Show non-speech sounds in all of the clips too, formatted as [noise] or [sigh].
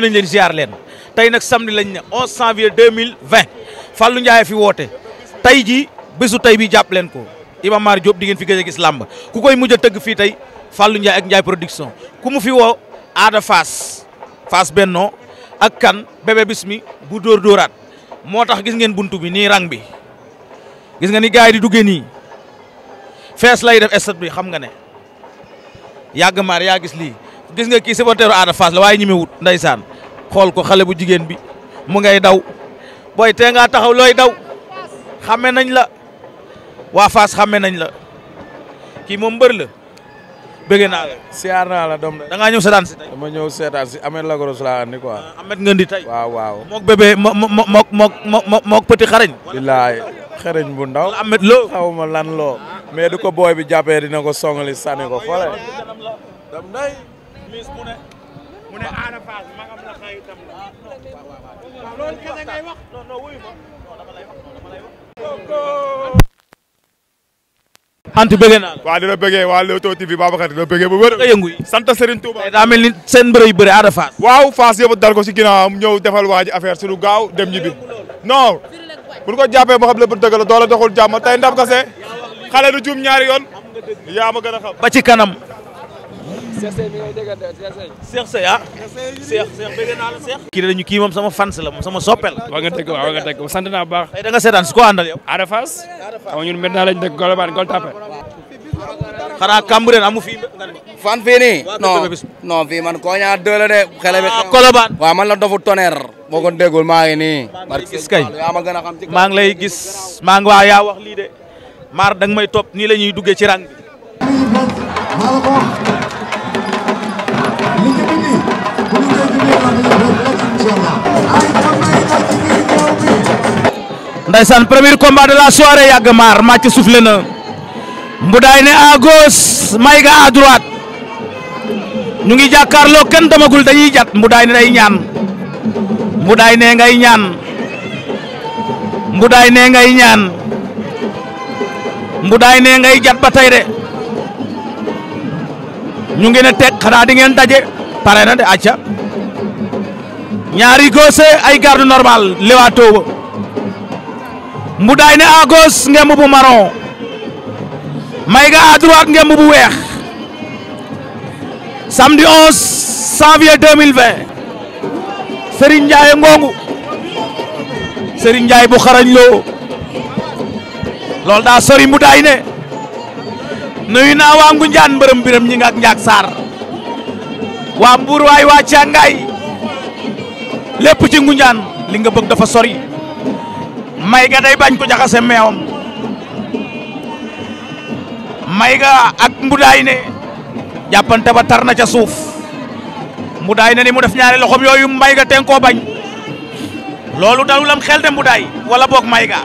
nuyu nañ leen tey nag samedi lañ ne 11 janvier 2020 Fallou Ndiaye fi woote tey ji bésu tey bi jàpp leen ko Iba Mar Diop di ngeen fi gëj a gis làmb ku koy mujj a tëgg fii tey Fallou Ndiaye ak njaay production ku mu fi woo aada Fass Fass bennoo ak kan bébé bismi bu dóor dóoraat moo tax gis ngeen buntu bi nii rang bi gis nga ni gars yi di duggee nii fees lay def stade bi xam nga ne yàgg maar yaa gis lii gis nga kii supporteru Ada Fass la waaye ñi ndeysaan xool ko xale bu jigéen bi mu ngay daw booy tee ngaa taxaw looy daw xame nañ la waa Fass xamme nañ la kii moom mbër la bëgg naa la. siyaar naa la ñëw seetaan si tey. dama ñëw seetaan si Ameth Lagros laa andi quoi. Ameth ah, ngeen di tey. waaw waaw mook bébé mo mo mook mook mook petit xarañ. bilaay xarañ bu ndaw. Ameth loo xaw ma loo. mais du ko booy bi jàppee dina ko songali sànni ko fole. mu ne mu ne Ada Fass magam la xëy itam la. Ah, waaw loolu kese ngay wax non non wuyu anti bëggee naa la. waaw dina bëggee waa Leewtoo TV Babacar dina wër. nga yëngu yi seen mbër yu bëri Ada waaw Fass yëpp dal ko ñëw defal waa ji affaire gaaw dem ñibbi non bu ko jàppee ma xam la bu dëgg la doole doxul jàmm tey ndam kase xale du juum ñaari yoon yaa kanam. Cheikh Seye mi ngay kii moom sama fan la moom sama soppel la. waaw nga dégg waaw nga dégg sant naa bu baax. tey da nga seetaan su ko àndal yow. Ada Fass. waaw ñun maintenant lañ dégg Colobane Gueule Tapée. xanaa Cambérène amu fi. fan fii nii. fii man Koña deux de. xale bi ah, Colobane. waaw man la dofu tonnerre. moo ko déggul maa ngi nii. gis kay ngi lay gis maa ngi waa yaa wax lii de. maar da nga may nii la ñu duggee ci Ndaysaan premier combat de la soirée yàgg maar màcc soufflé na Mboudaay ne à gauche Mayga à droite ñu ngi jàkkaarloo kenn damagul dañuy jat Mboudaay ne day ñaan Mboudaay ne ngay ñaan Mboudaay ne ngay ñaan Mboudaay ne ngay jat ba tey de ñu ngi ne teg xanaa di daje pare na de acca ñaari gauche ay garde normal lewato mbudaay ne à gauche ngemb bu marron may ga à droite ngemb bu weex samedi 11 janvier 2020 Serigne Ndiaye ngongu Serigne Ndiaye bu xarañ loo loolu daa sori mbudaay ne nuyu naa waa ngu njaan mbërëm biram ñi nga ak saar waa mbuur waay waa càngaay lépp ci ngunjaan li nga bëgg dafa sori may ga day bañ ko jaxase meewam may ga ak mbudaay ne jàppante ba tar na ca suuf mbudaay ne ni mu def ñaari loxom yooyu may ga ten koo bañ loolu dalulam xel de mbudaay wala boog may ga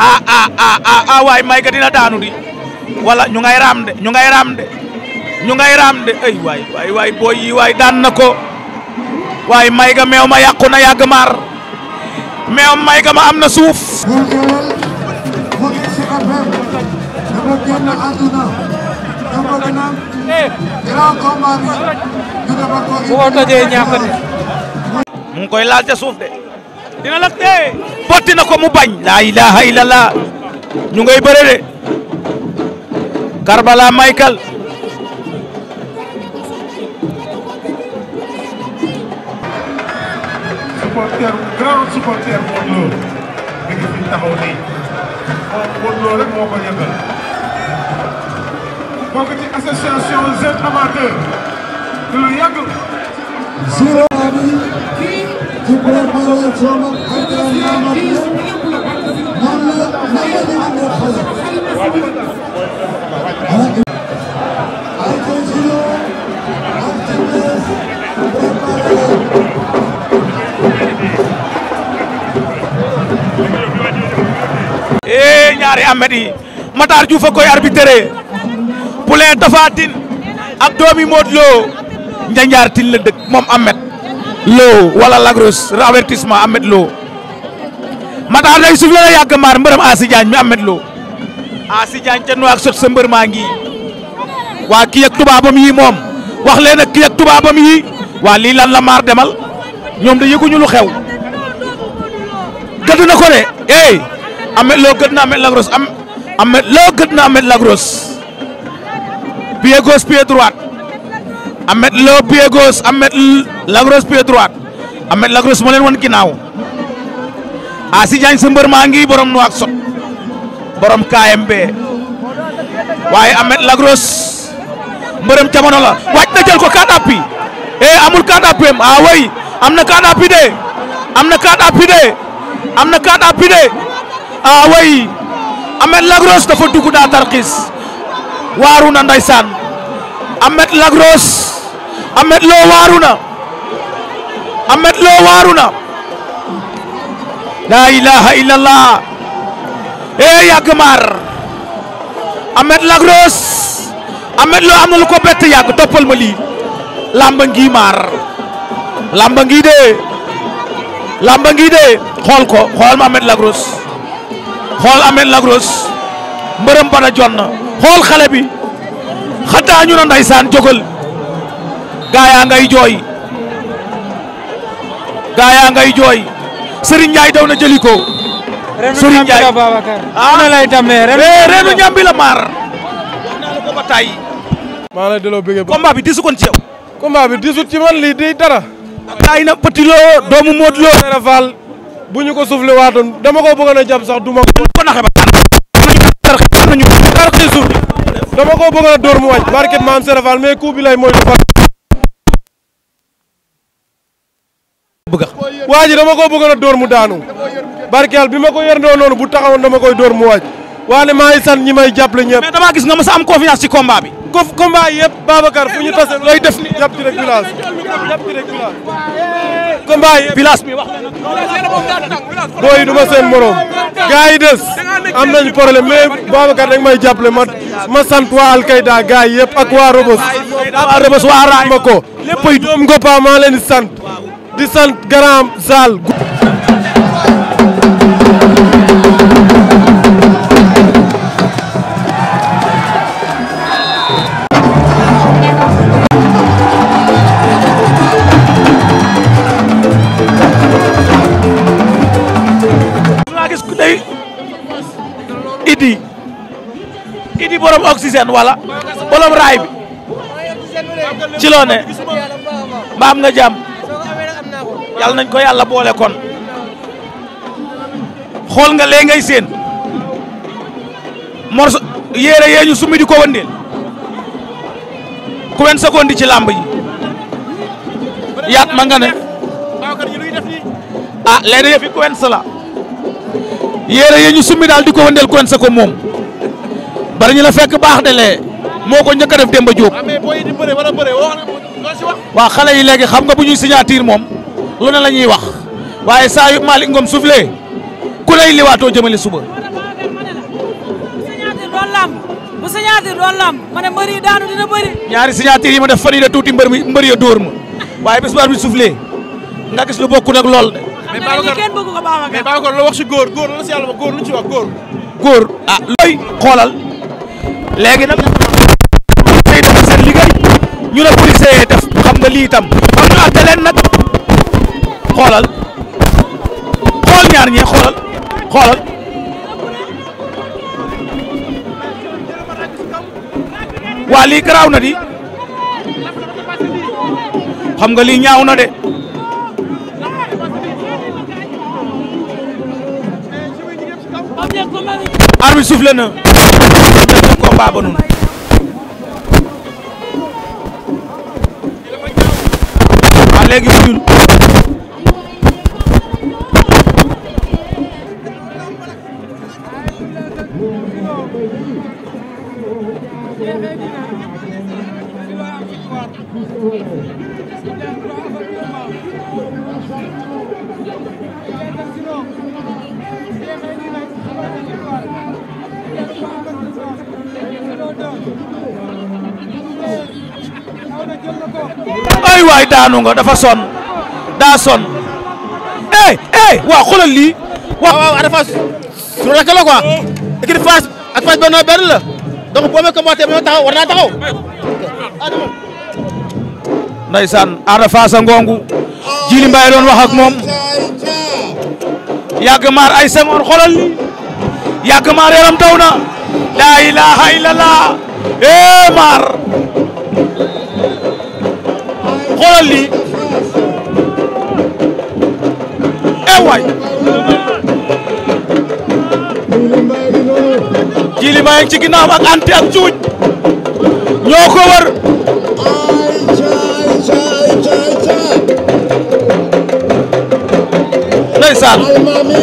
a ah, a ah, a ah, a waay may ga dina daanu di wala ñu ngay raam de ñu ngay raam de ñu waay waay waay booy waay daan na ko waaye may ga meew ma yàqu na yàgg meew may ma am na suuf. bu ko tojee ñàkk de. mu ngi koy laal ca suuf de. botti na ko mu bañ. laa ilaaha illallah. ñu ngay bëre de. Karbala Michael. supporter grand supporter Modou Lo mi ngi fi taxaw nii Modou Lo rek moo ko yëngal bokk ci association jeune amateur lu yàgg siro ami ci préparation ak entraînement nan la nan la ñu amee xale ak ay siro ak ci ñaari amet yi a koy arbitré poulain Tapha Tine ak doomi Modou Lo Njanjaar Tine la dëkk moom amet Lo wala lagros avertissement amet Lo Matar day suuf la yàgg maar mbërëm Asi mi amet Lo Asi Diagne ca ak sot sa mbër maa ngi waa kii ak tubaabam yi moom wax leen ak kii ak tubaabam yi waa lii lan la maar demal ñoom da yëguñu lu xew gëdd ko de eh Amet Lo gët na Amet Lagros am Amet Lo gët Amet Lagros pied gauche Amet Lo pied Amet Lagros pied droite Amet Lagros moo leen wan ginnaaw Asi Diagne sa mbër maa ngi borom nu ak sot borom KMB waaye Amet Lagros mbërëm jamono la wàcc na ko kat appi eh amul kat appi am ah am na kat appi de am na kat appi de am na kat appi de ah way Ahmed Lac Rose dafa dugg daa tarxiis waaru na ndeysaan Ahmed Lac Rose Ahmed Lo waaru na Ahmed Lo waaru na laa ilaha illallah ee eh, yàgg maar Ahmed Lac Rose Ahmed Lo am na lu bett yàgg toppal ma lamba ngi maar lamba ngi de lamba ngi de xool ko xool ma Ahmed Lac Rose xool Ameth Lac Rose mbërëm bada jot na xool xale bi xataa ñu na ndaysaan jógal gaa yaa ngay jooy gaa yaa ngay jooy Serigne daw na jëli ko. Serigne Ndiaye ah. ren eh, la maar. wax bi disu kon ci yow. combat bi disut ci man lii di dara. taay na petit loo doomu Modou Lo. bu ñu ko soufflé waatoon dama ko bëggoon a jàpp sax du ma ko. ko naxee ba dama ko bëggoon a dóor mu wàcc. barket maam Serafal mais coup bi lay mooy lu far. bëgg waa ji dama ko bëggoon a dóor mu daanu. barkeel bi ma ko yërndoo noonu bu taxawoon dama koy dóor mu wàcc. waa maa ngi ñi may jàpp ñëpp. mais damaa gis nga mos a am confiance ci combat bi. ko combat yëpp Babacar fu ñu tase looy def nii jàpp ci rek village booy du ma seen morom. gars des am nañu problème mais Babacar da nga may jàppale ma sant waa Alkayda gars yi yëpp ak waa Robos. waa Robos waa Raay ma ko. léppay doom Ngopa maa leen sant. di sant Garam Zal. borom oxygène wala borom raay bi ci loo ne mbaam nga jàmm yàlla nañ ko yàlla boole kon xool nga lee ngay seen morso yéere yee ñu summi di ko wëndeel ku wen seconde ci làmb yi yaat ma nga ne ah léeg-léeg yëfi ku yéere yee ñu summi daal di ko wëndeel ku wen ko moom bari ñu la fekk baax de lee moo ko njëkk a def Demba Diop. Ah, waaw xale yi léegi xam nga bu ñuy signature moom lu ne la ñuy wax waaye saa yu Malick Ngom soufflé ku lay liwaatoo jëmale suba. bu signature doon lamb yi daanu dina bëri. ñaari signature yi ma def fan yii de tuuti mbër mi mbër ya dóor ma waaye bés bu arbitre bi soufflé nga gis lu bokku nag lool. mais Babacar ko wax si góor góor la si yàlla góor lu ci wax góor. góor ah looy xoolal. léegi nag tey def seen liggéey ñu ne policier yee def xam nga lii itam am ñu àtte leen nag xoolal xool ñaar ñee xoolal xoolal waa lii garaaw na di xam nga lii ñaaw na de arbitre soufflé na combat ba nun waaw léegi daanu nga dafa sonn daa sonn eh eh waaw xoolal lii. waaw waaw Ada Fass su la quoi. équipe Fass ak Fass benn benn la donc boo amee combattre bi taxaw war naa taxaw. ndeysaan Ada Fass a ngongu Jili Mbaye doon moom yàgg maar ay sengoor xoolal lii yàgg maar yaram daw na. ilaaha illallah eh maar. xoolal lii eh waay jili maa ngi ci ginnaaw ak anti ak cuuj ñoo ko wër ndeysaan almaami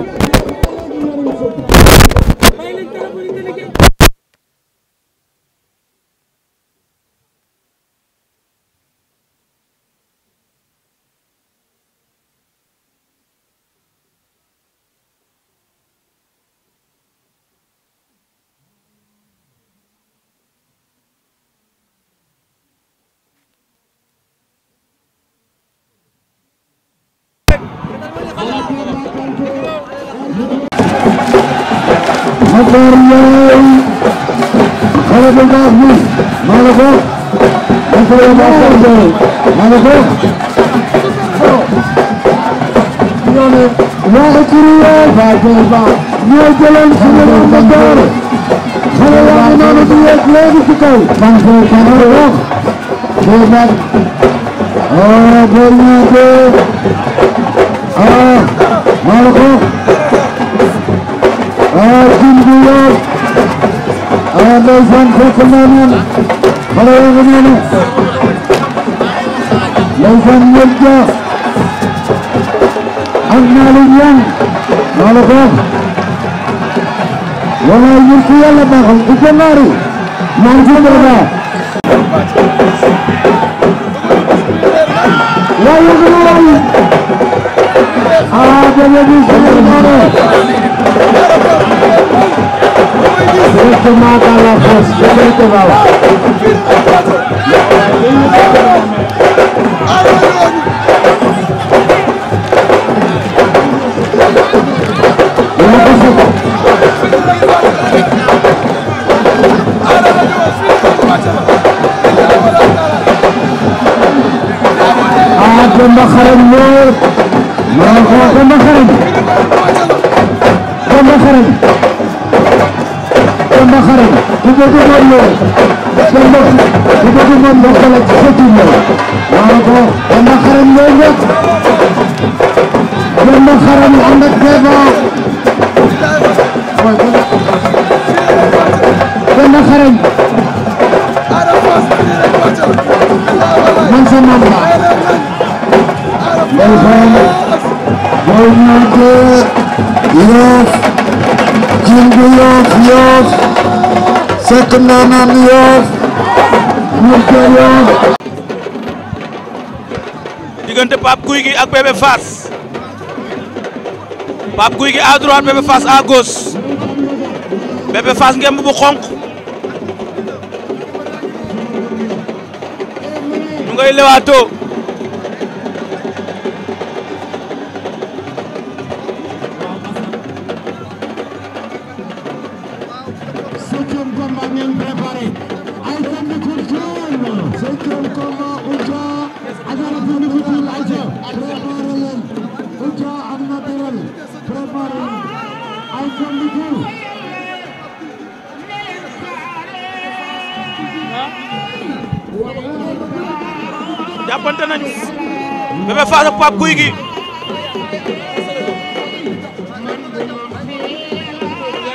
ñoo jëloon suñu ambassadeur xale yaa ngi noonu di yéeg léegi ci kaw wax déedéet ah booy ñaate ah maa la ko ah jim bi yor ah ndeysaan fekk naa leen xale yaa ngi noonu ndeysaan ñëpp doon walaay ñun ku yàlla baaxal ku ko naari maa ngi tudd Ba. waaye yow dañoo war a yëg ah bébé bi si yàlla noonu. directement dans la force de Bété Bawa. ko mbaxarañ ñëw maa ko ko mbaxarañ ko mbaxarañ ko mbaxarañ ku bëgg moom ñëw sa mbokk ku bëgg moom ndox la ci sa tur ñëw maa ko ko mbaxarañ ñëw ñëpp ko mbaxarañ ànd ak Deba ko mbaxarañ Fall Boy Niang 2 Yoff Jin bu Yoff Yoff Sekk Ndaanaan Yoff Murta Yoff ak Bébé Fass Pape Gouye Gui à droite Bébé Fass à gauche ngemb bu xonq ñu ngay lewaatoo Pape Gouye Gui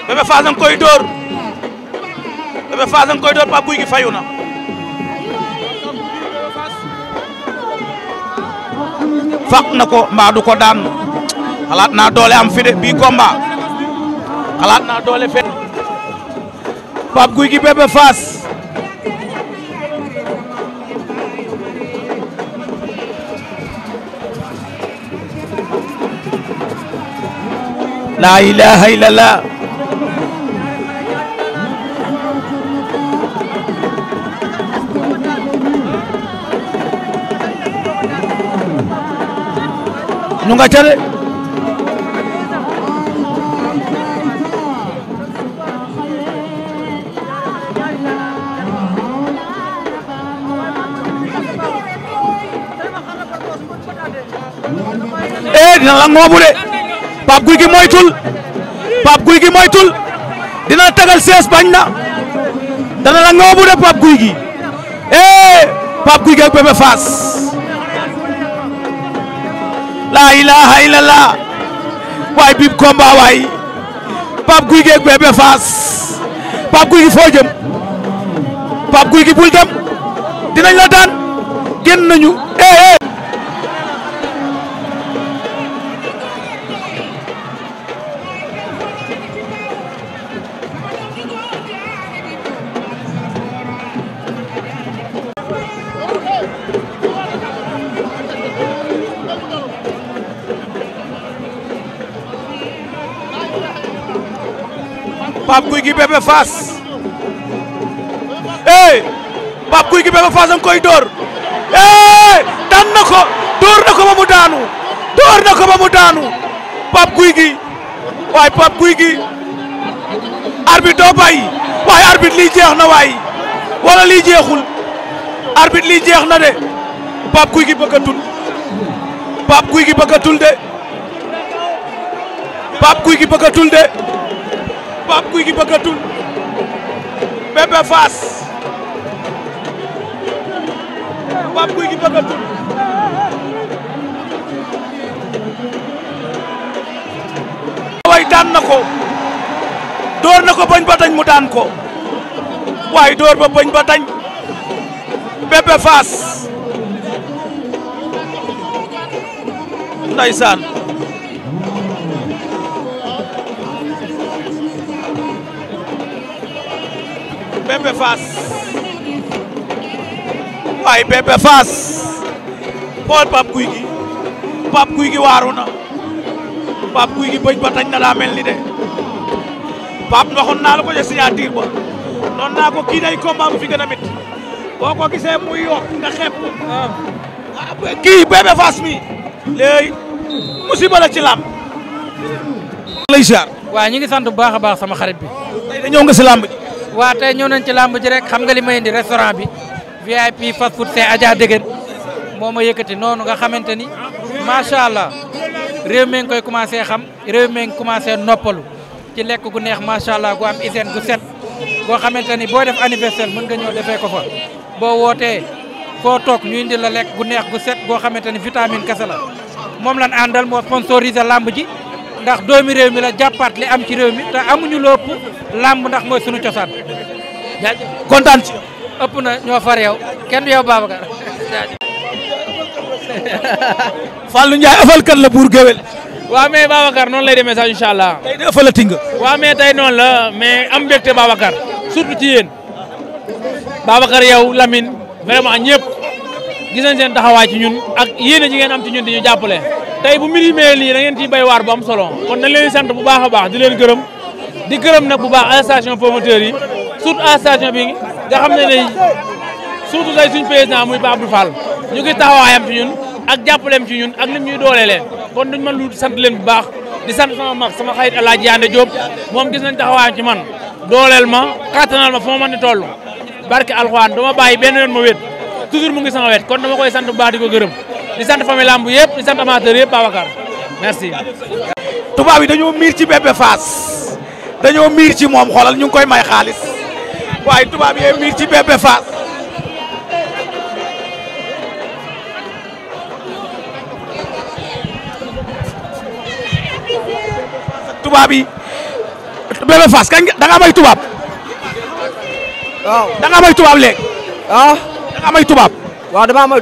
Bébé Fass nga dóor Bébé Fass nga fayu na faq na ko mbaa ko daan xalaat naa doole am fi bii combat xalaat naa doole fe Pape Gouye Gui Bébé Fass laa ilaaha illallah ñu nga ca ee eh, dina la Pape Guy gi moytul Pape Guy gi moytul dina tegal sees bañ na dana la ngoobu de Pape Guy gi eh Pape ak Bébé Fass laa ilaaha illallah waay biib combat waay Pape Guy ak Bébé Fass Pape Guy gi foo jëm Pape Guy gi bul la daan génn nañu eh eh gi Bébé Fass eh Pape a ngi koy dóor eh daan na ko dóor na ko ba mu daanu dóor na ko ba mu daanu Pape Gouye Gui waaye Pape Gouye Gui arbitre doo bàyyi waaye arbitre lii jeex na waay wala lii jeexul arbitre lii jeex na de Pape Gouye Gui bëggatul Pape Gouye Gui bëggatul de Pape Gouye Gui bëggatul de guy way daan na ko door na ko bañ ba dañ mu daan ko waaye door ba bañ ba dañ Bébé Fass ndeysaan Bébé Fass waaye Bébé Fass xool Pape Guy gi Pape Guy gi waaru na Guy gi bëj ba tañ na daa ni de Pape waxoon naa la ko ca signature ba noon naa ko kii day combat fi gën a mit boo ko gisee muy yokk nga xeeb ah, kii Bébé Fass mi léegi musiba la ci làmb lay jaar waaw ñu ngi sant bu baax a baax sama xarit bi tey nga si làmb waa tey ñëw nañ ci làmb ji rek xam nga li ma indi restaurant bi VIP fast food c'est Adja Degen moo ma yëkkati noonu nga xamante ni macha allah réew mi ngi koy commencé xam réew mi ngi commencé noppalu ci lekk gu neex macha allah gu am hygiène gu set boo xamante ni boo def anniversaire mën nga ñëw defee ko fa boo wootee koo toog ñu indi la lekk gu neex gu set boo xamante ni vitamine kese la moom lan àndal moo sponsorisé làmb ji ndax doomi réew mi la jàppaat li am ci réew mi te amuñu lépp làmb ndax mooy sunu cosaan. jaajëf ëpp na ñoo far yow kenn du yow Babacar jaajëf. [laughs] Fallou Ndiaye ëffalkat la buur géwél. waaw mais Babacar noonu lay demee sax incha allah. tey de ëffalati nga. waaw mais tey noonu la mais am mbégte Babacar surtout ci yéen Babacar yow Lamine vraiment ñëpp. gis nañ seen taxawaay ci ñun ak yéene ji ngeen am ci ñun di ñu jàppale tey bu mbir yi mel nii da bay waar bu am solo kon nañ leen sant bu baax a baax di leen gërëm di gërëm na bu baax association promoteurs yi surtout association bi nga xam ne ne surtout tey suñ président muy baa Abdou Fall ñu ngi taxawaayam ci ñun ak jàppaleem ci ñun ak lim ñuy dooleelee kon duñ mën lu sant leen bu baax di sant sama mag sama xarit El Hadj Yande Diop moom gis nañ taxawaayam ci man dooleel ma kattanal ma fu ma mën di toll barke alxuraan dama toujours mu ngi sama wet kon dama koy sant bu baax di ko gërëm di sant famille lamb yëpp di sant amateur yëpp Babacar merci. tubaab yi dañoo miir ci Bébé Fass dañoo miir ci moom xoolal ñu ngi koy may xaalis waaye tubaab yee miir ci Bébé Fass. tubaab yi Bébé Fass kañ da nga may tubaab. waaw da nga may tubaab léegi ah. amay tubaab. waaw dama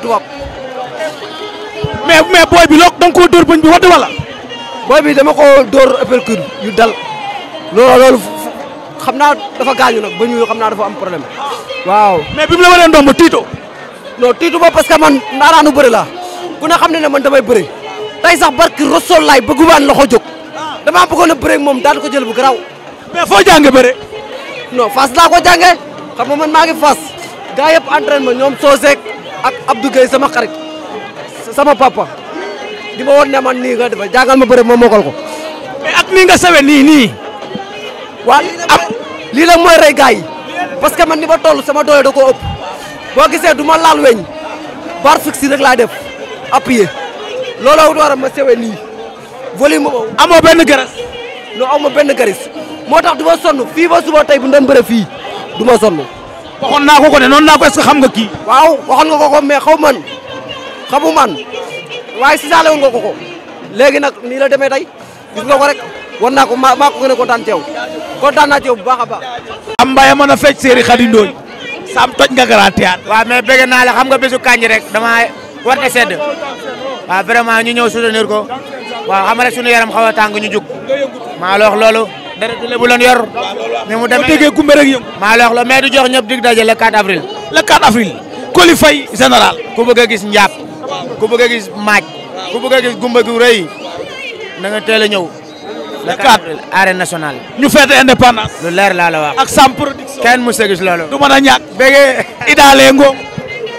mais mais booy bi loog da ko koo dóor bëñ bi wadd wala. booy bi dama koo dóor uppercut yu dal. loolu loolu xam naa dafa gaañu nag bëñ yu xam naa dafa am problème. waaw mais bi mu la waree tiito. non tiitu ba parce que man ndaaraanu bëri laa ku ne xam ne ne man damay bëri tey sax barki Rasuul laay bëgguwaan loxo jóg damaa bëggoon a bëri moom daal ko jël bu garaaw. mais foo jàngee bëre. non Fass laa ko jàngee xam nga man maa gaa yëpp entraînement ñoom Sosek ak Abdou sama xarit sama papa di ma woon ne man nii nga defa jàngal ma bëre ma mokkal ko. mais ak nii nga sawe nii nii. waa ab lii mooy rey gaa yi parce que man ni ma toll sama doole da koo ëpp boo gisee du ma laal weñ barre fixe rek laa def appuyer looloo waral ma sawe nii volume boobu. amoo benn garas. non amoo benn garis moo tax duma ma sonn fii ba suba tey bu ñu doon bëre fii du ma sonn. waxoon naa ko ko de noonu naa ko est-ce que xam nga kii. waaw waxoon nga ko ko mais xaw man xamu man waaye si saale woon nga ko ko léegi nag nii la demee tey gis nga ko rek war naa ko maa maa ko gën a kontaan ci yow kontaan naa ci bu baax a baax. am mbaye mën a fecc séeri Khady Ndoye sam toj nga Grand Théâtre. waaw mais bëgg naa la xam nga bésu kanji rek dama war a sedd waaw vraiment ñu ñëw soutenir ko waa xam rek sunu yaram xaw a tàng ñu jug maa loox loolu. deretu lebu yor. mu demee bu déggee kumbe rek yëngu. maa la la mais du jox ñëpp dig daje le 4 avril. le 4 avril. Coly Faye général. ku bëgg a gis njàpp. ku bëgg gis maaj. ku bëgg gis gumba gu rëy. na nga teel a ñëw. le 4 avril ñu fête indépendance. lu leer laa la ak Sam Production. kenn mu segis loolu. du mën a ñàkk. béyee Idaalee Ngom.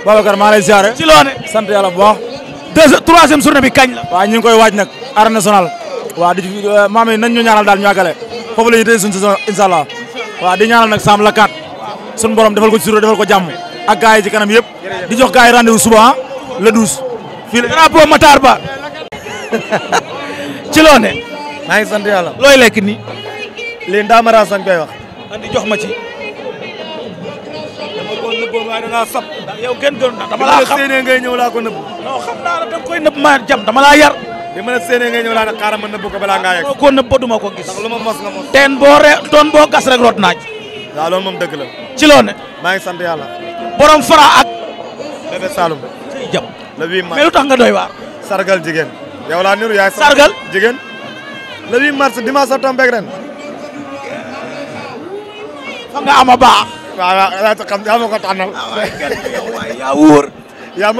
Babacar maa ci loone sant yàlla bu baax. bi kañ la. waaw ñu ngi koy waaj nag arène nationale. waa di euh, maam yi nañ ñu ñaanal daal ñu àggale foofu la ñuy tëj suñu saison incha allah di ñaanal nag Sam la kat suñu borom defal ko ci defal ko jàmm ak gars ci kanam yëpp di jox gars yi rendez-vous suba ah, le 12. fii la drapeau Matar Ba [laughs] ci loo ne. maa ngi sant yàlla. looy lekk ni lii ndaamara sañ koy wax. andi ma ci. dama ko nëbboon laa xam. bu ngay koy nëbb maa jam dama laa yar. bi ma la séenee ngay ñëw laa ne xaaral ma nëbb ko balaa ngaa yegg. ko ko gis. teen boo re toon boo gas rek root naaj. waaw loolu moom dëgg la. ci loo maa ngi sant yàlla. borom fara ak. bébé Saloum. say jam. lu tax nga doy waar. sargal jigéen. yow laa niru yaay. sargal jigéen. le huit mars dimanche sa tombeeg nga ama baax. waaw yaa ma ko tànnal. Ah,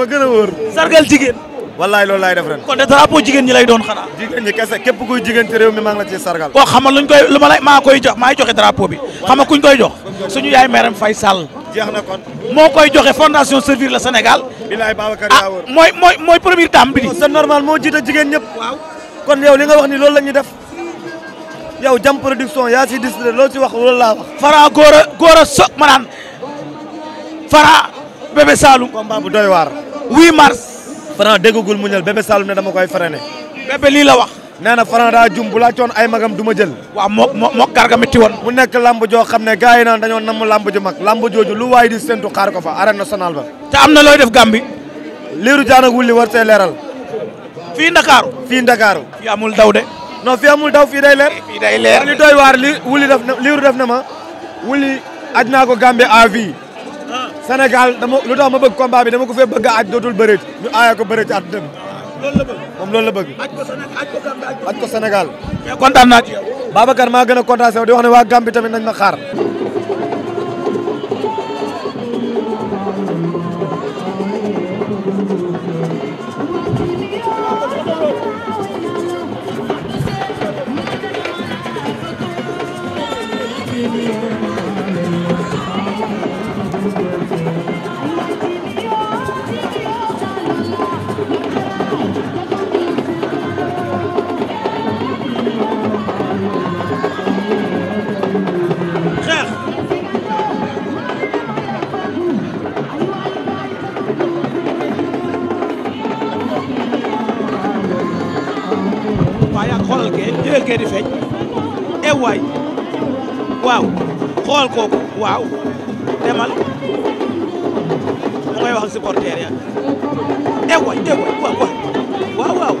sargal jigéen. wallaay loolu laay def ren. kon de drapeau jigéen ñi lay doon xanaa. jigéen ñi kese képp kuy jigéen ci réew mi maa ngi la ciy sargal. koo koy lu lay maa koy jox maay joxe drapeau bi xama kuñ koy jox suñu yaay meeram Faye Sall. jeex na kon moo koy joxe fondation servir le Sénégal. bilaay ah mooy mooy mooy première dame bi di. c'est normal moo jiite jigéen ñëpp. waaw kon yow li nga wax ni loolu la ñuy def yow jam production yaa si décidé loo si wax loolu laa wax. Fara góor a so ma naan Fara bébé Saloum. combat waar. 8 mars. Franc déggagul mu ñëw Bébé Saloum ne dama koy freiné. Bébé lii la wax. nee na Franc daa jum bu laajoon ay magam du ma jël. waaw moo moo moo garga métti woon. mu nekk lamb joo xam ne gars yi naan dañoo namm lamb ju mag lamb jooju lu waay di séntu xaar ko fa arène nationale ba. te am na looy def Gambie. liiru jaan ak wulli war see leeral. fii Ndakaaru. fii Ndakaaru. fii amul daw de. noo fii amul daw fii day leer. fii leer li doy waar li wulli def na liiru def na ma. wulli aj naa ko Gambie à vie. Sénégal dama lu tax ma bëgg combat bi dama ko fee bëgg a aj dootul bëreet ñu aaya ko bëreet ci loolu la bëgg moom loolu la bëgg. aj ko Sénégal aj ko Sénégal. mais kontaan naa ci yow. Babacar maa gën a kontaan di wax ne waa Gambie tamit nañ ma xaar. demal kooku waaw demal mu ngay wax ak supporter ya eh waay eh waay waaw waaw waaw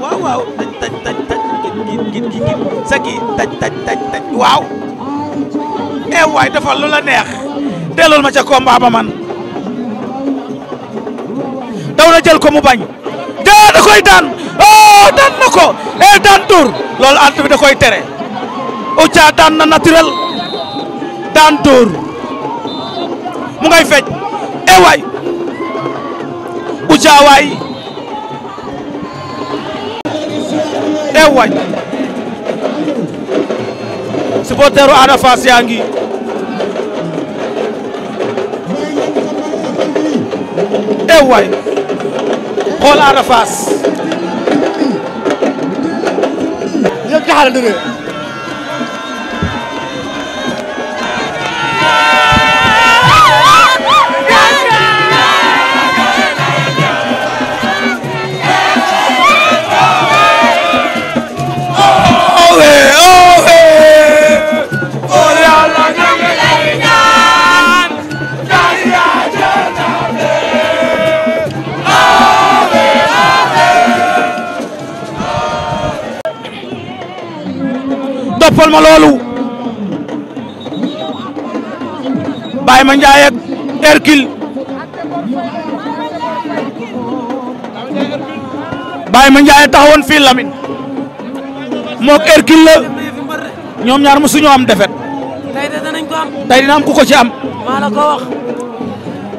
waaw waaw taj taj taj git git git git sa kii taj taj taj taj waaw eh waay defal lu la neex dellul ma ca combat ba man daw na jël ko mu bañ jaa da koy daan oh daan na ko eh daan tur loolu ànd bi da koy tere Outhia daan na naturel daan mu ngay fecc e waay Outhia e waay e Ada Fass yaa ngi e waay Ada Fass jàppal ma loolu Baye ma Ndiaye ak Hercule ma Ndiaye taxawoon fii Lamine moog Hercule la ñoom ñaar mosuñu am defet tey dinañ ku ko ci am. maa la ko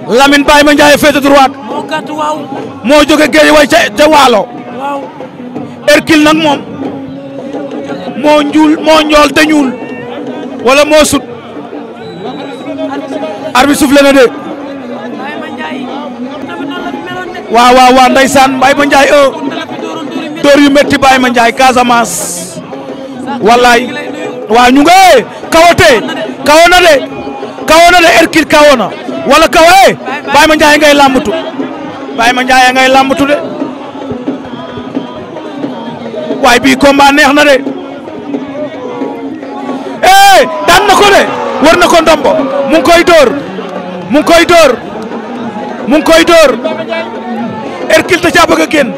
wax. ma Ndiaye féete droite. moo gàtt géej way ca Waalo. waaw Hercule nag moom. moo njuul moo njool te ñuul wala moo sut arbitre soufflé na de waaw waaw waaw ndeysaan Baye Mandiaye un dóor yu métti Baye Casamance wallaay waaw ñu ngi eh, kawate kawo na de kawo na de Hercule kawo na wala kaw eh Baye Mandiaye ngay làmbatu Baye Mandiaye ngay làmbatu de waaye neex na de na ko de war na ko ndombo mu ngi koy dóor mu ngi koy dóor mu ngi koy dóor Hercule da caa bëgg a génn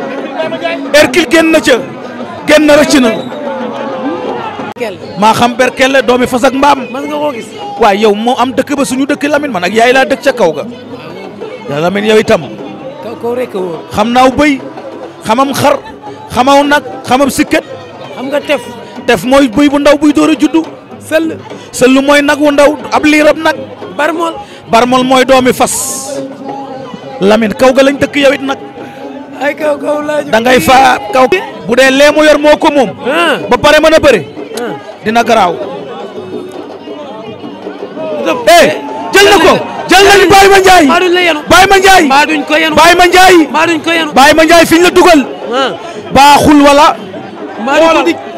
na ca maa xam berkel la doomi fasak ak mbaam. mën nga waaye yow moo am dëkk ba suñu dëkk Lamine man nag yaay laa dëkk ca kaw ga. yaa Lamine yow itam. xam naaw bëy xamam xar xamaw nag xamam sikket. xam nga tef. tef mooy bëy bu ndaw buy door a juddu. sëll sëll mooy nag wu ndaw ab liirab nag barmol barmol mooy doomi fas Lamine kaw ga lañ dëkk yow nag ay fa kaw bu dee lee moo ko moom ah. ba pare mën a bëri ah. dina garaaw eh jël na ko jël na Baye Ma Ndiaye Baye Ma Ndiaye fiñ la dugal ah. baaxul wala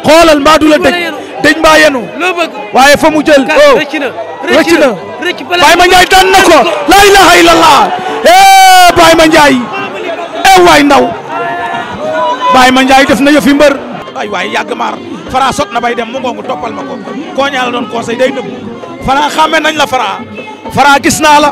xoolal mbaa du la dëj dañ maa yenu loo waaye fa mu jël oh rëcc na rëcc na Baye Mandiaye daan na ko la ilaha illallah eh Baye Mandiaye eh waay ndaw Baye Mandiaye def na yëfi mbër ay waay yàgg maar Fara sot na bay dem mu ngongu toppal ma ko kooñaa la doon conseil day nëbb Fara xàmme nañ la Fara Fara gis naa la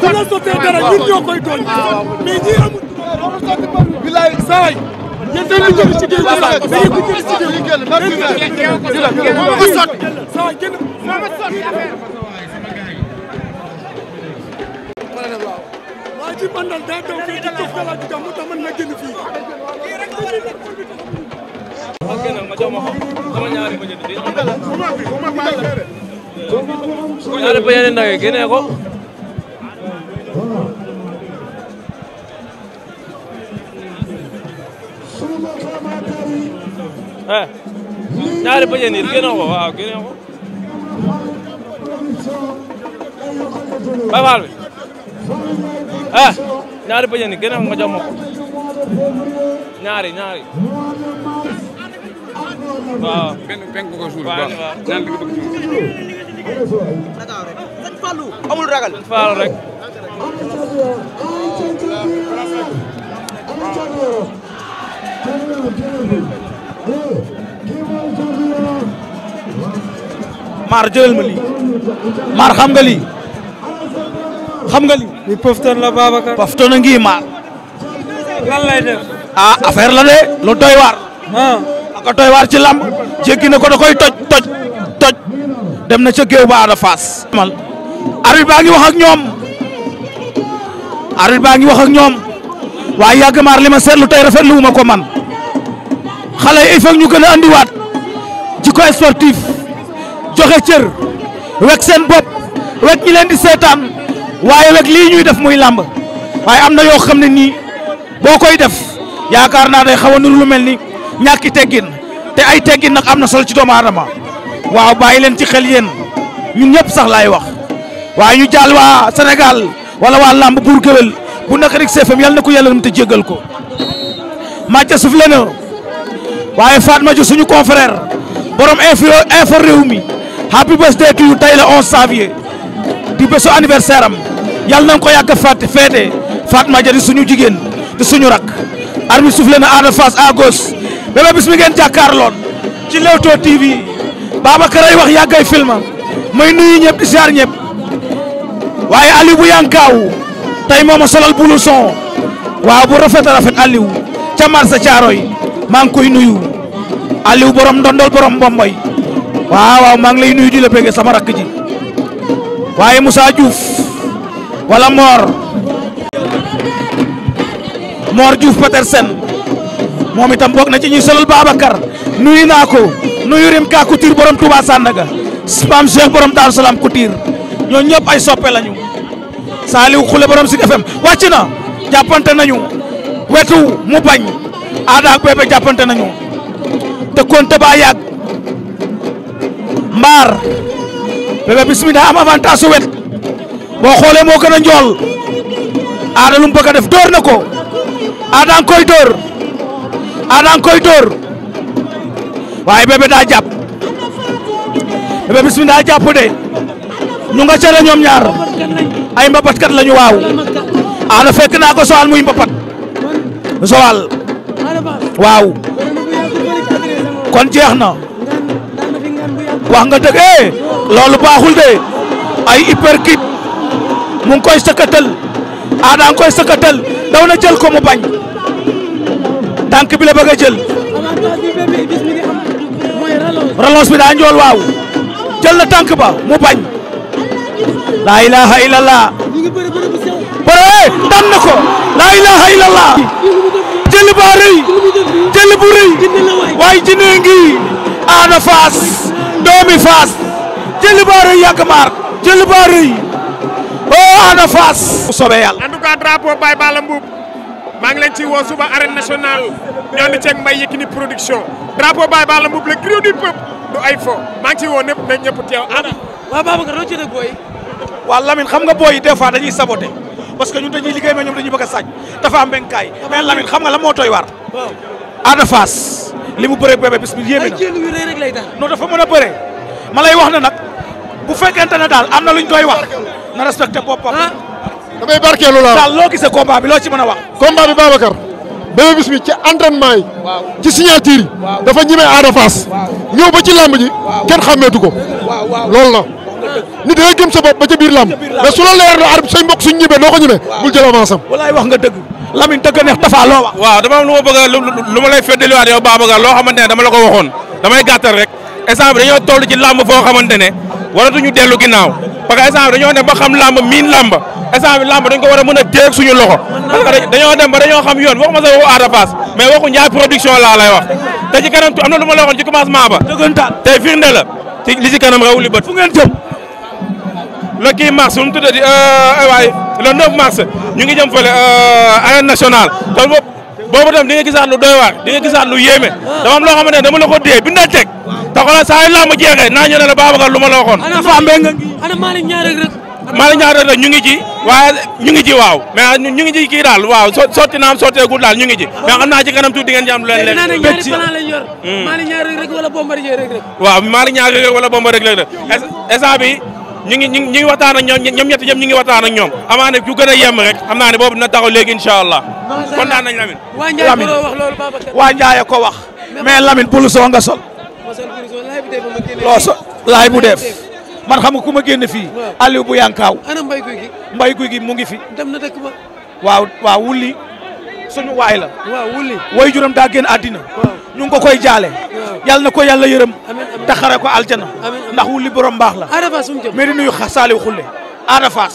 su la sottee dara ñun ñoo koy doon mais ñii amul bilaay saay yéen dañuy jël ci géej gi sax dañuy ko jël ci géej gi dañuy ko jël ci géej gi moo ma sotti saa gën moo ma sotti affaire waa ji bandal daa daw fii di toog dala di mu tax man na génn fii ma jox ma xam sama ñaari ko jënd Ada penyanyi nage gini ya kok. Eh, nyari penyanyi gini kok, wow, gini kok. Bye bye. Eh, nyari penyanyi gini nggak jamu. Nyari, nyari. Ah. Wow. Pengen pengen sëñ maar jëlal ma lii maar xam nga xam nga lii li poftan la Babacar poftan a ngi maar lan lay ah, la de lu doy waar a ah. ko waar ci làmb jéggi na ko da koy toj toj toj dem na ca géew ba Ada Fass. arbitre baa ngi wax ak ñoom arbitre baa ngi wax ak ñoom waaye yàgg maar li ma seetlu tey rafetlu wu ma ko man xale yi il faut ñu gën a andiwaat jikko joxe cër wek seen bopp wek ñi leen di seetaan waaye wek lii ñuy def muy làmb waaye am na yoo xam ne nii boo koy def yaakaar naa day xaw a nuru lu mel ni ñàkki teggin te ay teggin nag am na solo ci doomu aadama waaw bàyyi leen ci xel yéen ñun ñëpp sax laay wax waaye ñu jaal waa Sénégal wala waa làmb buur géwél bu naka rek CFM na ko yàlla te jéggal ko Mathia suuf la na waaye Fatma Dia suñu confrère borom info info réew mi happy birthday to you tey la 11 janvier di bésu anniversaire am yàlla na ko yàgg a fàtte feete Fatma Dia di suñu jigéen di suñu rak armi suuf la na Ada Fass à gauche Bébé Bismi ngeen jàkkaarloon ci Babacar ay wax yàggay filmam may nuyu ñëpp di siyaar ñëpp waaye Aliou bu yankaaw tey moo ma solal blouson waaw bu rafet a rafet Aliou ca marché Thiaroye maa ngi koy nuyu Aliou borom ndondol borom mbomboy waaw waaw maa ngi lay nuyu di la bëgg sama rakk ji waaye Moussa Diouf wala Mor Mor Diouf Petersen moom itam bokk na ci ñuy solal Babacar nuyu naa ko. nuyu rim ka Couture borom Touba Sandaga spam Cheikh borom Daaru ñoo ñëpp ay soppe lañu Saliou Khoule borom Zik FM wàcc na jàppante nañu wetu mu bañ aada ak bébé jàppante nañu te konte mbaar bébé bismillah am avantage su wet boo xoolee moo gën a njool aada lu mu def door na ko aada koy door aada koy door waaye bébé daa jàpp bébé bismi daa jàpp de ñu nga cere ñoom ñaar ay mbapatkat lañu waaw ana fekk naa ko sowal muy mbapat sowal waaw kon jeex na wax nga dëgg eh loolu baaxul de ay hyperkip mu ngi koy sëkkatal a daa ngi koy sëkkatal daw na jël ko mu bañ tànk bi la bëgg a jël relance bi daa njool jël na tànk ba mu bañ laa ilaha illallah bare daan na ko laa ilaha jël ba rëy jël bu rëy waaye jinne ngi aada faas doomi faas jël ba rëy yàgg maar jël ba rëy oo oh, aada faas sobe maa ngi leen ciy woo suba arène nationale ñoo ni ceeg mbay Yékini production drapeau Baye Balla Mboup le griot du peuple du ay maa ngi ciy woo ne nañ ñëpp teew ana waaw nga doo ci dëgg booy waaw Lamine xam nga booy yi des dañuy saboté parce que ñun dañuy liggéey mais ñoom dañuy bëgg a sàcc dafa am benn kaay mais Lamine xam nga la moo tooy waar Ada Fass li mu bëree bébé bis bi yéeme na non dafa mën a bëree ma lay wax na nag bu fekkente ne daal am na luñ koy wax na respecté boppam ah. damay barkeelu laa. daal loo gisee combat bi loo ci mën a wax. combat bi Babacar. Bébé Bismi ci entraînement yi. ci signature yi. dafa ñime Ada Fass. ñëw ba ci làmb ji. kenn xàmmeetu ko. loolu na nit da ngay sa bopp ba ca biir làmb. mais su la leer la arbitre say mbokk suñ ñibee noo ko ñibee. bul jël avance walaay wax nga dëgg. Lamine dëgg neex Tafa loo wax. waaw dama am lu ma bëgg lu ma lay féddaliwaat yow Babacar loo xamante ne dama la ko waxoon damay gàttal rek. instant bi dañoo toll ci làmb foo xamante ne waratuñu dellu ginnaaw parce que dañoo dem ba xam làmb miin làmb instant bi làmb ko war a a téeg suñu loxo dañoo dem ba dañoo xam yoon waxuma sa waxu Ada Fass mais waxu Ndiaye production laa lay wax te ci kanam tu am na lu ma la waxoon ci commencement ba tey firnde la ci li ci kanam rawu li bët fu ngeen jëm le kii mars nu mu tuddati euh, waaye le 9 mars ñu ngi jëm fële euh, arène nationale te boobu tam di nga gisaat lu doy waar di nga lu yéeme dama am loo xamante ne dama la dee bi na teg te xoolal saa yu làmb naa ñu ne la Babacar lu ma la waxoon. ana Fane Mbengue ana Malick Niang ñu ngi ci waa ñu ngi ci waaw mais ñu ngi ci kii daal waaw sotti naam sotteegul daal ñu ngi ci mais xam naa ci kanam tuuti di ngeen ci am lu leen lekk. bëcc hmm. wala Bombardier rek rek. waaw Malick Niang rek rek wala Bombardier rek bi ñu ngi ñu ngi waxtaan ak ñoom ñoom ñetti ñoom ñu ngi ñoom. amaane ku gën a yem rek xam boobu dina taxaw léegi allah. kon daan nañ waa Ndiaye ko wax. mais Lamine bul soo nga sol. loo laay bu man xam ku ma génn fii. bu Yankaaw. ana mbay guy gi. mbay guy gi mu ngi fi. dem na wulli suñu waay la. waaw wuli way juram daa génn àddina. ñu ngi ko koy jaale. yàlla na ko yàlla yërëm. amiin taxare ko aljana. ndax wuli borom mbaax la. Ada Fass suñu mais di nuyu xa Saliou Khoule. Ada moo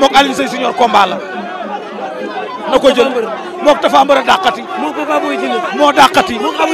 moog Alioune Seye Senior combat la. na ko jël moog Tafa Mbara dàqati. moog Papa Boy Djiné moo